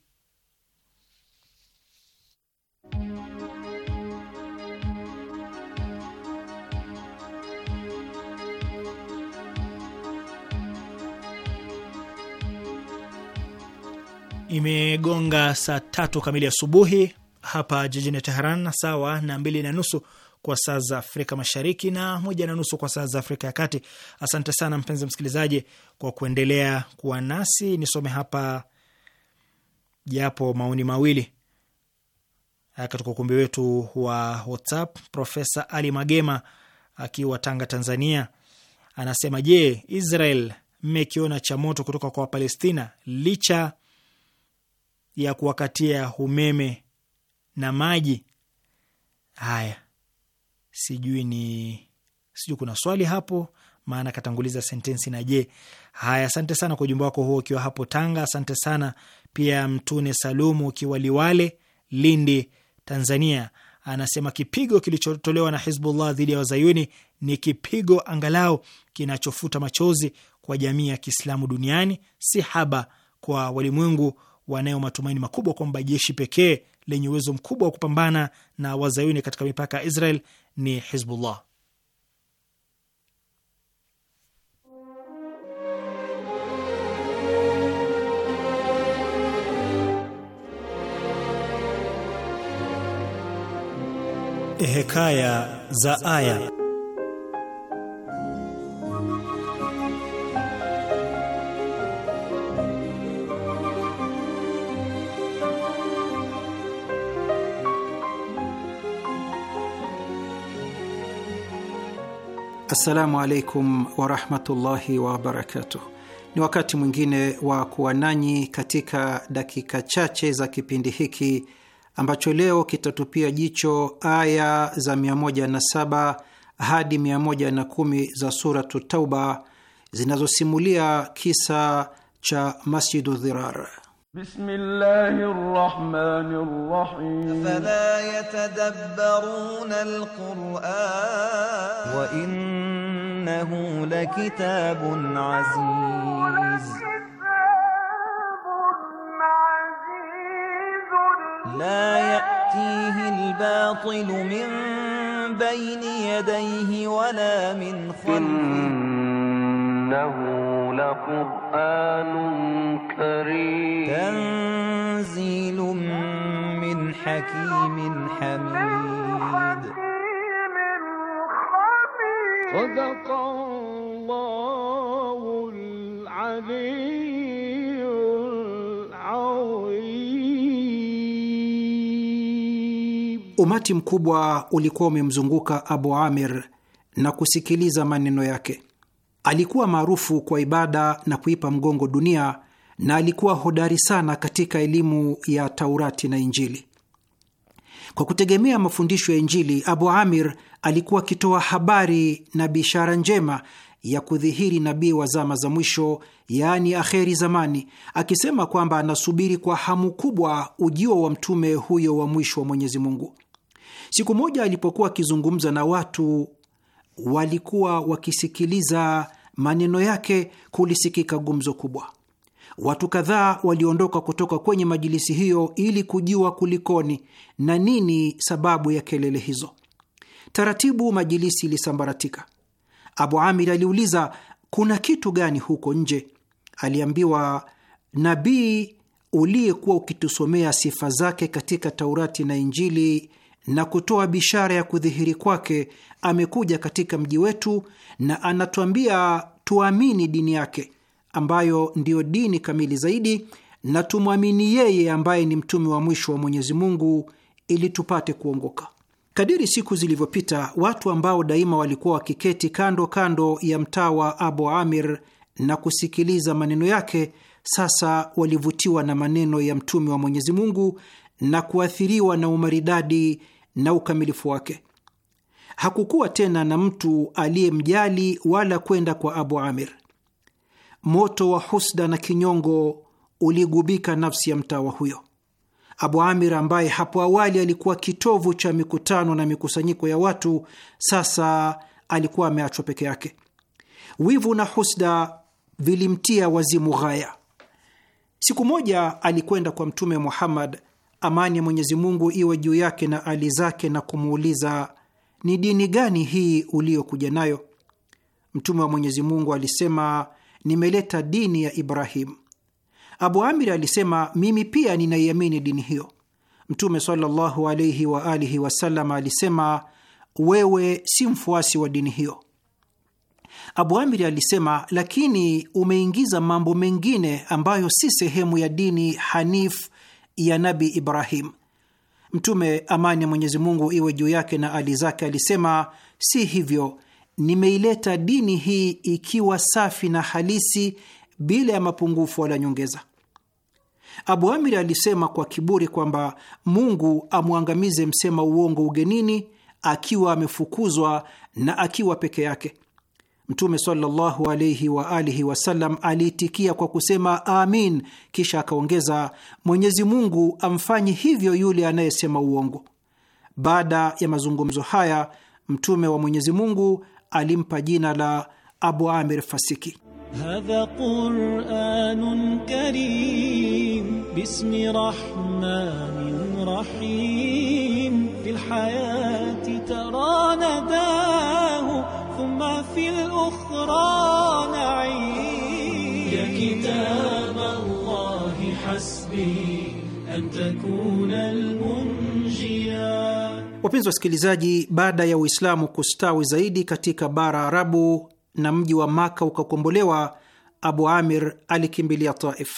Imegonga saa tatu kamili asubuhi hapa jijini Teheran, sawa na mbili na nusu kwa saa za Afrika Mashariki na moja na nusu kwa saa za Afrika ya Kati. Asante sana mpenzi msikilizaji kwa kuendelea kuwa nasi. Nisome hapa japo maoni mawili katika ukumbi wetu wa WhatsApp. Profesa Ali Magema akiwa Tanga, Tanzania, anasema je, Israel mmekiona cha moto kutoka kwa Wapalestina licha ya kuwakatia umeme na maji. Haya, sijui ni sijui kuna swali hapo, maana katanguliza sentensi na je. Haya, asante sana kwa ujumbe wako huo ukiwa hapo Tanga. Asante sana pia Mtune Salumu ukiwa Liwale, Lindi, Tanzania, anasema kipigo kilichotolewa na Hizbullah dhidi ya wazayuni ni kipigo angalau kinachofuta machozi kwa jamii ya Kiislamu duniani, si haba kwa walimwengu wanayo matumaini makubwa kwamba jeshi pekee lenye uwezo mkubwa wa kupambana na wazayuni katika mipaka ya Israel ni Hizbullah. Hekaya za Aya. Assalamu alaikum warahmatullahi wabarakatuh. Ni wakati mwingine wa kuwa nanyi katika dakika chache za kipindi hiki ambacho leo kitatupia jicho aya za 107 hadi 110 za Suratu Tauba zinazosimulia kisa cha Masjidu Dhirar. بسم الله الرحمن الرحيم فلا يتدبرون القرآن وإنه لكتاب عزيز لا يأتيه الباطل من بين يديه ولا من خلفه إنه لقرآن كريم تنزيل من حكيم حميد صدق الله العلي Umati mkubwa ulikuwa umemzunguka Abu Amir na kusikiliza maneno yake. Alikuwa maarufu kwa ibada na kuipa mgongo dunia na alikuwa hodari sana katika elimu ya Taurati na Injili. Kwa kutegemea mafundisho ya Injili, Abu Amir alikuwa akitoa habari na bishara njema ya kudhihiri nabii wa zama za mwisho, yaani akheri zamani, akisema kwamba anasubiri kwa hamu kubwa ujio wa mtume huyo wa mwisho wa Mwenyezi Mungu. Siku moja alipokuwa akizungumza na watu, walikuwa wakisikiliza maneno yake kulisikika gumzo kubwa. Watu kadhaa waliondoka kutoka kwenye majilisi hiyo ili kujua kulikoni na nini sababu ya kelele hizo. Taratibu majilisi ilisambaratika. Abu Amir aliuliza, kuna kitu gani huko nje? Aliambiwa, nabii uliyekuwa ukitusomea sifa zake katika Taurati na Injili na kutoa bishara ya kudhihiri kwake amekuja katika mji wetu na anatuambia tuamini dini yake ambayo ndiyo dini kamili zaidi, na tumwamini yeye ambaye ni mtume wa mwisho wa Mwenyezi Mungu ili tupate kuongoka. Kadiri siku zilivyopita, watu ambao daima walikuwa wakiketi kando kando ya mtaa wa Abu Amir na kusikiliza maneno yake, sasa walivutiwa na maneno ya mtume wa Mwenyezi Mungu na kuathiriwa na umaridadi na ukamilifu wake hakukuwa tena na mtu aliyemjali wala kwenda kwa Abu Amir. Moto wa husda na kinyongo uligubika nafsi ya mtawa huyo. Abu Amir ambaye hapo awali alikuwa kitovu cha mikutano na mikusanyiko ya watu, sasa alikuwa ameachwa peke yake. Wivu na husda vilimtia wazimu ghaya. Siku moja alikwenda kwa Mtume Muhammad, amani ya Mwenyezi Mungu iwe juu yake na ali zake, na kumuuliza ni dini gani hii uliyokuja nayo? Mtume wa Mwenyezi Mungu alisema, nimeleta dini ya Ibrahimu. Abu Amir alisema, mimi pia ninaiamini dini hiyo. Mtume sallallahu alaihi wa alihi wasallam alisema, wewe si mfuasi wa dini hiyo. Abu Amiri alisema, lakini umeingiza mambo mengine ambayo si sehemu ya dini hanif ya Nabi Ibrahim Mtume, amani ya Mwenyezi Mungu iwe juu yake na ali zake, alisema si hivyo, nimeileta dini hii ikiwa safi na halisi bila ya mapungufu wala nyongeza. Abu Amir alisema kwa kiburi kwamba Mungu amwangamize msema uongo ugenini, akiwa amefukuzwa na akiwa peke yake. Mtume sallallahu wa alihi wasallam aliitikia kwa kusema amin, kisha akaongeza, Mwenyezi Mungu amfanye hivyo yule anayesema uongo. Baada ya mazungumzo haya, Mtume wa Mwenyezi Mungu alimpa jina la Abu Amir Fasiki. ثم في الأخرى نعيم يا كتاب الله حسبي أن تكون المنجيا Wapenzi wasikilizaji, baada ya Uislamu kustawi zaidi katika bara Arabu na mji wa Maka ukakombolewa, Abu Amir alikimbilia Taif.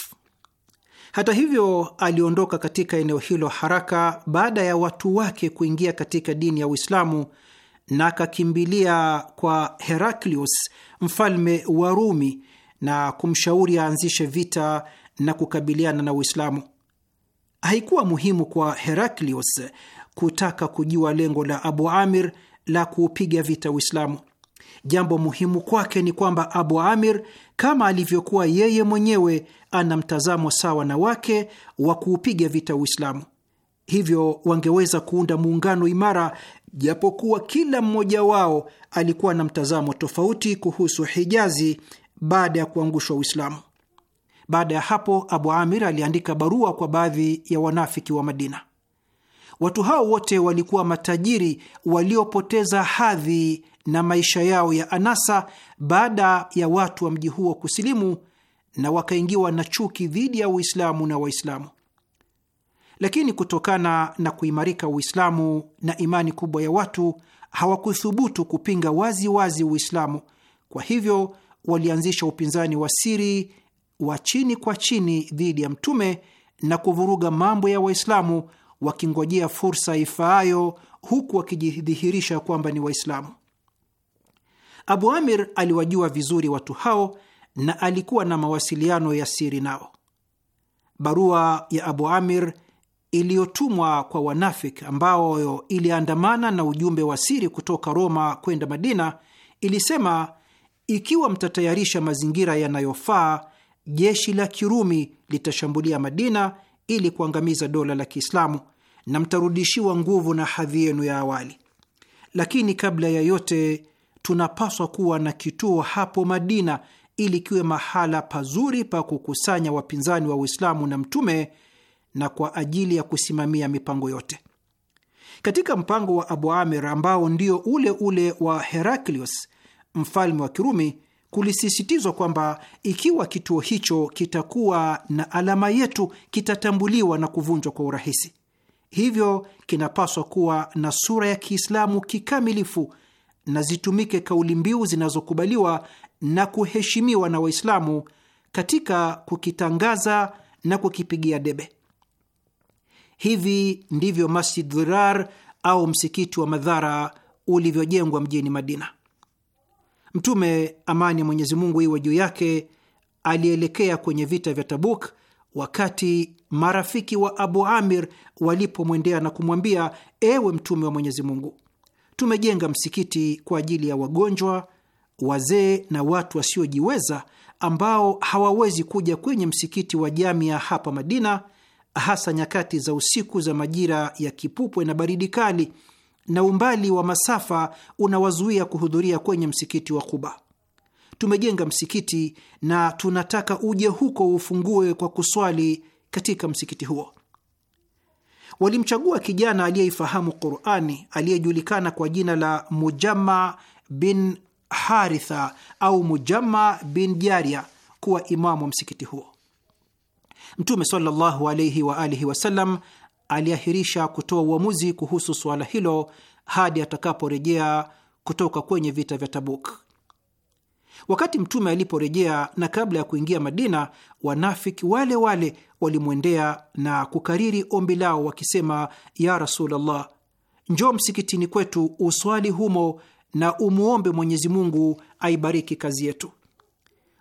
Hata hivyo, aliondoka katika eneo hilo haraka baada ya watu wake kuingia katika dini ya Uislamu na akakimbilia kwa Heraklius mfalme wa Rumi na kumshauri aanzishe vita na kukabiliana na Uislamu. Haikuwa muhimu kwa Heraklius kutaka kujua lengo la Abu Amir la kuupiga vita Uislamu. Jambo muhimu kwake ni kwamba Abu Amir, kama alivyokuwa yeye mwenyewe, ana mtazamo sawa na wake wa kuupiga vita Uislamu. Hivyo wangeweza kuunda muungano imara japokuwa kila mmoja wao alikuwa na mtazamo tofauti kuhusu Hijazi baada ya kuangushwa Uislamu. Baada ya hapo, Abu Amir aliandika barua kwa baadhi ya wanafiki wa Madina. Watu hao wote walikuwa matajiri waliopoteza hadhi na maisha yao ya anasa baada ya watu wa mji huo kusilimu na wakaingiwa na chuki dhidi ya Uislamu na Waislamu lakini kutokana na kuimarika Uislamu na imani kubwa ya watu hawakuthubutu kupinga wazi wazi Uislamu. Kwa hivyo walianzisha upinzani wa siri wa chini kwa chini dhidi ya Mtume na kuvuruga mambo ya Waislamu, wakingojea fursa ifaayo, huku wakijidhihirisha kwamba ni Waislamu. Abu Amir aliwajua vizuri watu hao na alikuwa na mawasiliano ya siri nao. Barua ya Abu Amir iliyotumwa kwa wanafiki ambayo iliandamana na ujumbe wa siri kutoka Roma kwenda Madina ilisema, ikiwa mtatayarisha mazingira yanayofaa, jeshi la Kirumi litashambulia Madina ili kuangamiza dola la Kiislamu na mtarudishiwa nguvu na hadhi yenu ya awali. Lakini kabla ya yote, tunapaswa kuwa na kituo hapo Madina ili kiwe mahala pazuri pa kukusanya wapinzani wa Uislamu na mtume na kwa ajili ya kusimamia mipango yote. Katika mpango wa Abu Amir ambao ndio ule ule wa Heraklius mfalme wa Kirumi, kulisisitizwa kwamba ikiwa kituo hicho kitakuwa na alama yetu, kitatambuliwa na kuvunjwa kwa urahisi. Hivyo kinapaswa kuwa na sura ya Kiislamu kikamilifu na zitumike kauli mbiu zinazokubaliwa na kuheshimiwa na Waislamu katika kukitangaza na kukipigia debe. Hivi ndivyo Masjid Dhirar au msikiti wa madhara ulivyojengwa mjini Madina. Mtume, amani ya Mwenyezi Mungu iwe juu yake, alielekea kwenye vita vya Tabuk wakati marafiki wa Abu Amir walipomwendea na kumwambia, ewe Mtume wa Mwenyezi Mungu, tumejenga msikiti kwa ajili ya wagonjwa, wazee na watu wasiojiweza ambao hawawezi kuja kwenye msikiti wa Jamia hapa Madina hasa nyakati za usiku za majira ya kipupwe na baridi kali, na umbali wa masafa unawazuia kuhudhuria kwenye msikiti wa kuba Tumejenga msikiti na tunataka uje huko ufungue kwa kuswali katika msikiti huo. Walimchagua kijana aliyeifahamu Qurani aliyejulikana kwa jina la Mujamma bin Haritha au Mujamma bin Jaria kuwa imamu wa msikiti huo. Mtume sallallahu alaihi wa alihi wasallam aliahirisha kutoa uamuzi kuhusu suala hilo hadi atakaporejea kutoka kwenye vita vya Tabuk. Wakati mtume aliporejea na kabla ya kuingia Madina, wanafiki wale wale walimwendea na kukariri ombi lao wakisema, ya Rasulullah, njoo msikitini kwetu uswali humo na umwombe Mwenyezi Mungu aibariki kazi yetu.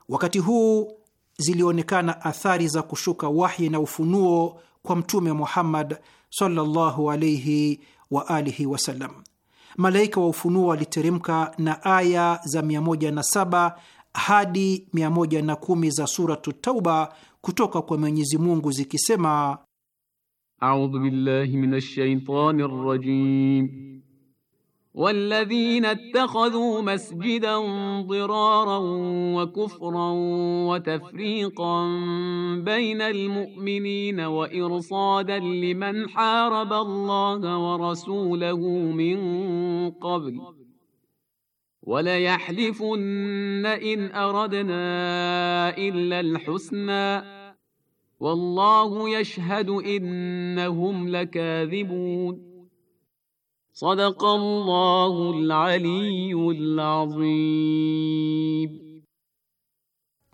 Wakati huu zilionekana athari za kushuka wahyi na ufunuo kwa Mtume Muhammad sallallahu alaihi wa alihi wasallam. Malaika wa ufunuo waliteremka na aya za 107 hadi 110 za Suratu Tauba kutoka kwa Mwenyezi Mungu zikisema: audhu billahi minash shaitani rajim والذين اتخذوا مسجدا ضرارا وكفرا وتفريقا بين المؤمنين وارصادا لمن حارب الله ورسوله من قبل وليحلفن ان اردنا الا الحسنى والله يشهد انهم لكاذبون Sadakallahu al-aliyyul azim.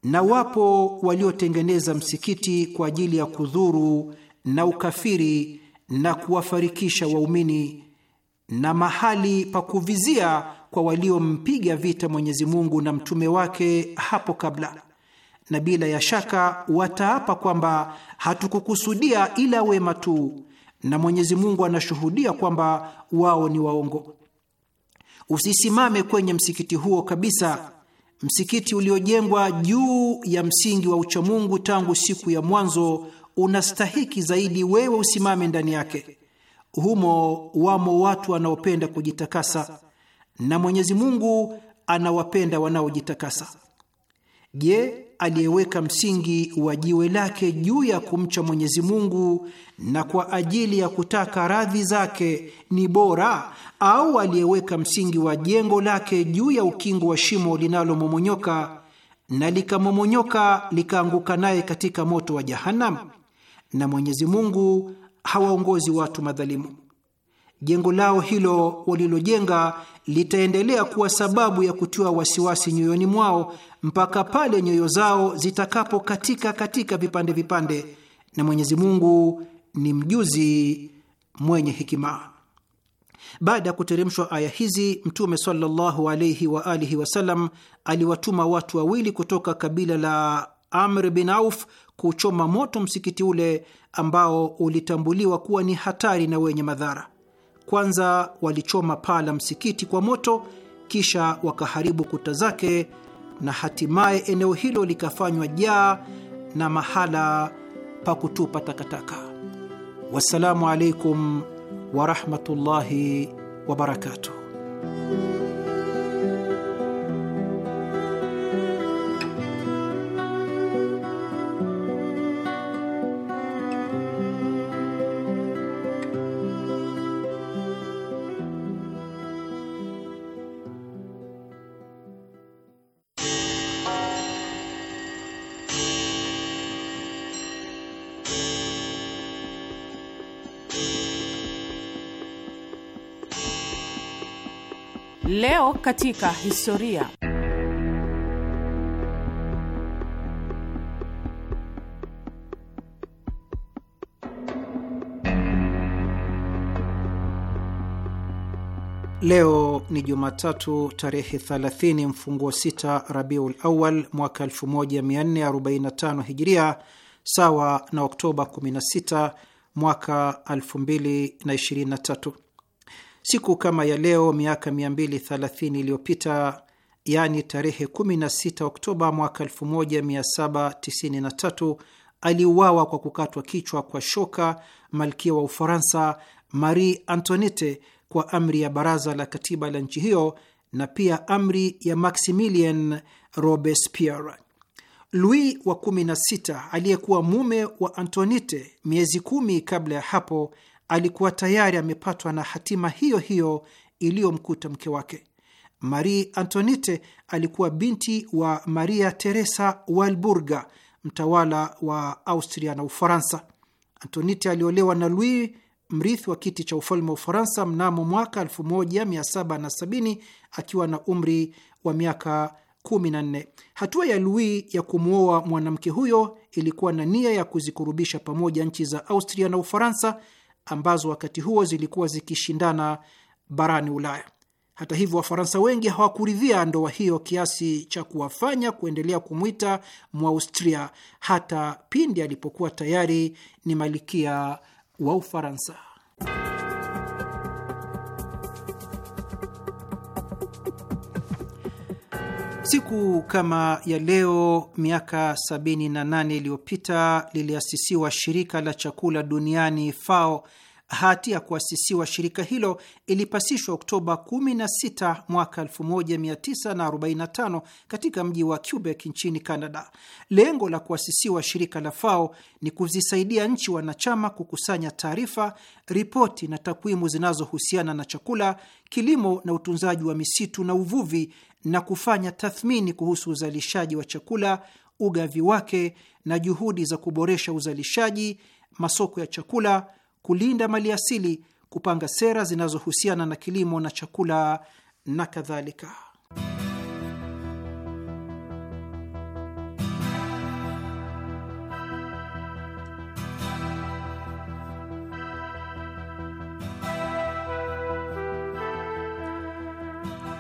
Na wapo waliotengeneza msikiti kwa ajili ya kudhuru na ukafiri na kuwafarikisha waumini na mahali pa kuvizia kwa waliompiga vita Mwenyezi Mungu na mtume wake hapo kabla, na bila ya shaka wataapa kwamba hatukukusudia ila wema tu na Mwenyezi Mungu anashuhudia kwamba wao ni waongo. Usisimame kwenye msikiti huo kabisa, msikiti uliojengwa juu ya msingi wa uchamungu tangu siku ya mwanzo unastahiki zaidi wewe usimame ndani yake. Humo wamo watu wanaopenda kujitakasa na Mwenyezi Mungu anawapenda wanaojitakasa. Je, aliyeweka msingi wa jiwe lake juu ya kumcha Mwenyezi Mungu na kwa ajili ya kutaka radhi zake ni bora au aliyeweka msingi wa jengo lake juu ya ukingo wa shimo linalomomonyoka na likamomonyoka likaanguka naye katika moto wa Jahannam, na Mwenyezi Mungu hawaongozi watu madhalimu jengo lao hilo walilojenga litaendelea kuwa sababu ya kutiwa wasiwasi nyoyoni mwao mpaka pale nyoyo zao zitakapokatika katika vipande vipande, na Mwenyezi Mungu ni mjuzi mwenye hikima. Baada ya kuteremshwa aya hizi, Mtume sallallahu alayhi wa alihi wasallam aliwatuma watu wawili kutoka kabila la Amr bin Auf kuchoma moto msikiti ule ambao ulitambuliwa kuwa ni hatari na wenye madhara. Kwanza walichoma paa la msikiti kwa moto, kisha wakaharibu kuta zake, na hatimaye eneo hilo likafanywa jaa na mahala pa kutupa takataka. Wassalamu alaikum warahmatullahi wabarakatuh. Leo katika historia. Leo ni Jumatatu tarehe 30 mfunguo 6 Rabiul Awal mwaka 1445 Hijiria, sawa na Oktoba 16 mwaka 2023. Siku kama ya leo miaka 230 iliyopita, yaani tarehe 16 Oktoba mwaka 1793 aliuawa kwa kukatwa kichwa kwa shoka malkia wa Ufaransa Marie Antoinette kwa amri ya baraza la katiba la nchi hiyo na pia amri ya maximilian Robespierre. Louis wa 16 aliyekuwa mume wa Antoinette miezi kumi kabla ya hapo alikuwa tayari amepatwa na hatima hiyo hiyo iliyomkuta mke wake. Marie Antoinette alikuwa binti wa Maria Teresa Walburga, mtawala wa Austria na Ufaransa. Antoinette aliolewa na Louis, mrithi wa kiti cha ufalme wa Ufaransa mnamo mwaka 1770 akiwa na umri wa miaka 14. Hatua ya Louis ya kumwoa mwanamke huyo ilikuwa na nia ya kuzikurubisha pamoja nchi za Austria na Ufaransa ambazo wakati huo zilikuwa zikishindana barani Ulaya. Hata hivyo, Wafaransa wengi hawakuridhia ndoa hiyo kiasi cha kuwafanya kuendelea kumwita Mwaustria hata pindi alipokuwa tayari ni malikia wa Ufaransa. Siku kama ya leo miaka 78 iliyopita liliasisiwa shirika la chakula duniani FAO Hati ya kuasisiwa shirika hilo ilipasishwa Oktoba 16 mwaka 1945 katika mji wa Quebec nchini Canada. Lengo la kuasisiwa shirika la FAO ni kuzisaidia nchi wanachama kukusanya taarifa, ripoti na takwimu zinazohusiana na chakula, kilimo na utunzaji wa misitu na uvuvi na kufanya tathmini kuhusu uzalishaji wa chakula, ugavi wake na juhudi za kuboresha uzalishaji, masoko ya chakula kulinda mali asili, kupanga sera zinazohusiana na kilimo na chakula na kadhalika.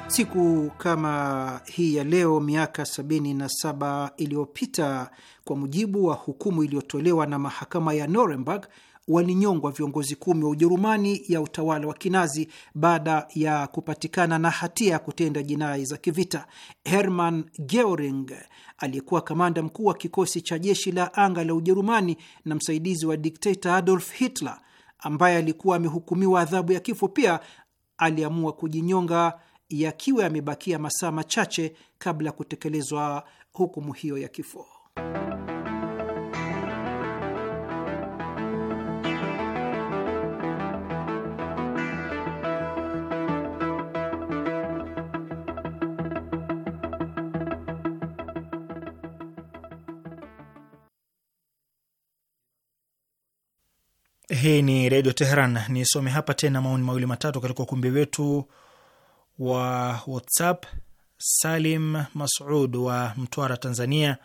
Siku kama hii ya leo miaka 77 iliyopita, kwa mujibu wa hukumu iliyotolewa na mahakama ya Nuremberg, walinyongwa viongozi kumi wa Ujerumani ya utawala wa Kinazi baada ya kupatikana na hatia ya kutenda jinai za kivita. Hermann Goering aliyekuwa kamanda mkuu wa kikosi cha jeshi la anga la Ujerumani na msaidizi wa dikteta Adolf Hitler ambaye alikuwa amehukumiwa adhabu ya kifo, pia aliamua kujinyonga yakiwa yamebakia masaa machache kabla ya kutekelezwa hukumu hiyo ya kifo. Hii ni Redio Teheran. Nisome hapa tena maoni mawili matatu katika ukumbi wetu wa WhatsApp. Salim Masud wa Mtwara, Tanzania,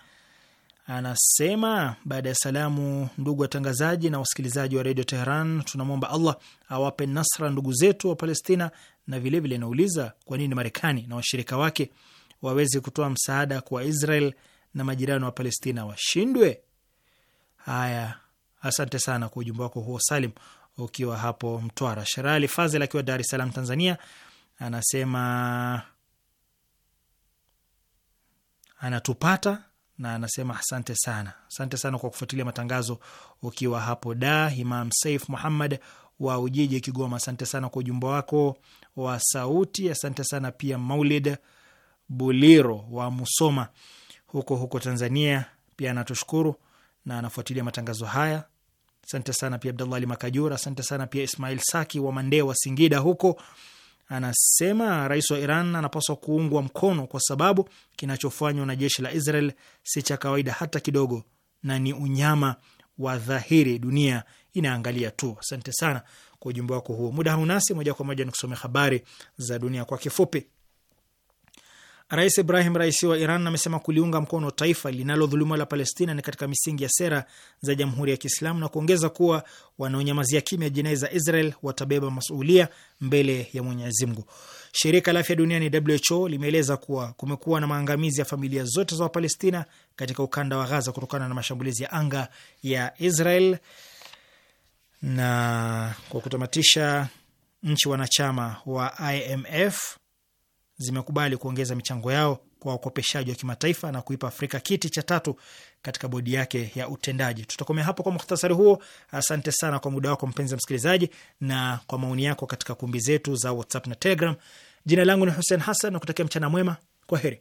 anasema baada ya salamu, ndugu watangazaji na wasikilizaji wa Redio Teheran, tunamwomba Allah awape nasra ndugu zetu wa Palestina, na vilevile anauliza vile kwa nini Marekani na washirika wake wawezi kutoa msaada kwa Israel na majirani wa Palestina washindwe. Haya, Asante sana kwa ujumbe wako huo Salim, ukiwa hapo Mtwara. Sherali Fazel akiwa Dar es Salaam, Tanzania, anasema anatupata na anasema asante sana, asante sana kwa kufuatilia matangazo ukiwa hapo Da. Imam Saif Muhammad wa Ujiji, Kigoma, asante sana kwa ujumbe wako wa sauti, asante sana pia. Maulid Buliro wa Musoma huko huko Tanzania pia anatushukuru na anafuatilia matangazo haya. Asante sana pia Abdallah Ali Makajura, asante sana pia Ismail Saki wa Mandee wa Singida huko anasema rais wa Iran anapaswa kuungwa mkono kwa sababu kinachofanywa na jeshi la Israel si cha kawaida hata kidogo, na ni unyama wa dhahiri. Dunia inaangalia tu. Asante sana kwa ujumbe wako huo. Muda hau nasi moja kwa moja ni kusomea habari za dunia kwa kifupi. Rais Ibrahim Raisi wa Iran amesema kuliunga mkono taifa linalodhulumiwa la Palestina ni katika misingi ya sera za Jamhuri ya Kiislamu na kuongeza kuwa wanaonyamazia kimya jinai za Israel watabeba masuulia mbele ya Mwenyezi Mungu. Shirika la Afya Duniani WHO limeeleza kuwa kumekuwa na maangamizi ya familia zote za Wapalestina katika ukanda wa Gaza kutokana na mashambulizi ya anga ya Israel. Na kwa kutamatisha, nchi wanachama wa IMF zimekubali kuongeza michango yao kwa wakopeshaji wa kimataifa na kuipa Afrika kiti cha tatu katika bodi yake ya utendaji. Tutakomea hapo kwa muhtasari huo. Asante sana kwa muda wako mpenzi msikilizaji, na kwa maoni yako katika kumbi zetu za WhatsApp na Telegram. Jina langu ni Hussein Hassan na kutakia mchana mwema. Kwa heri.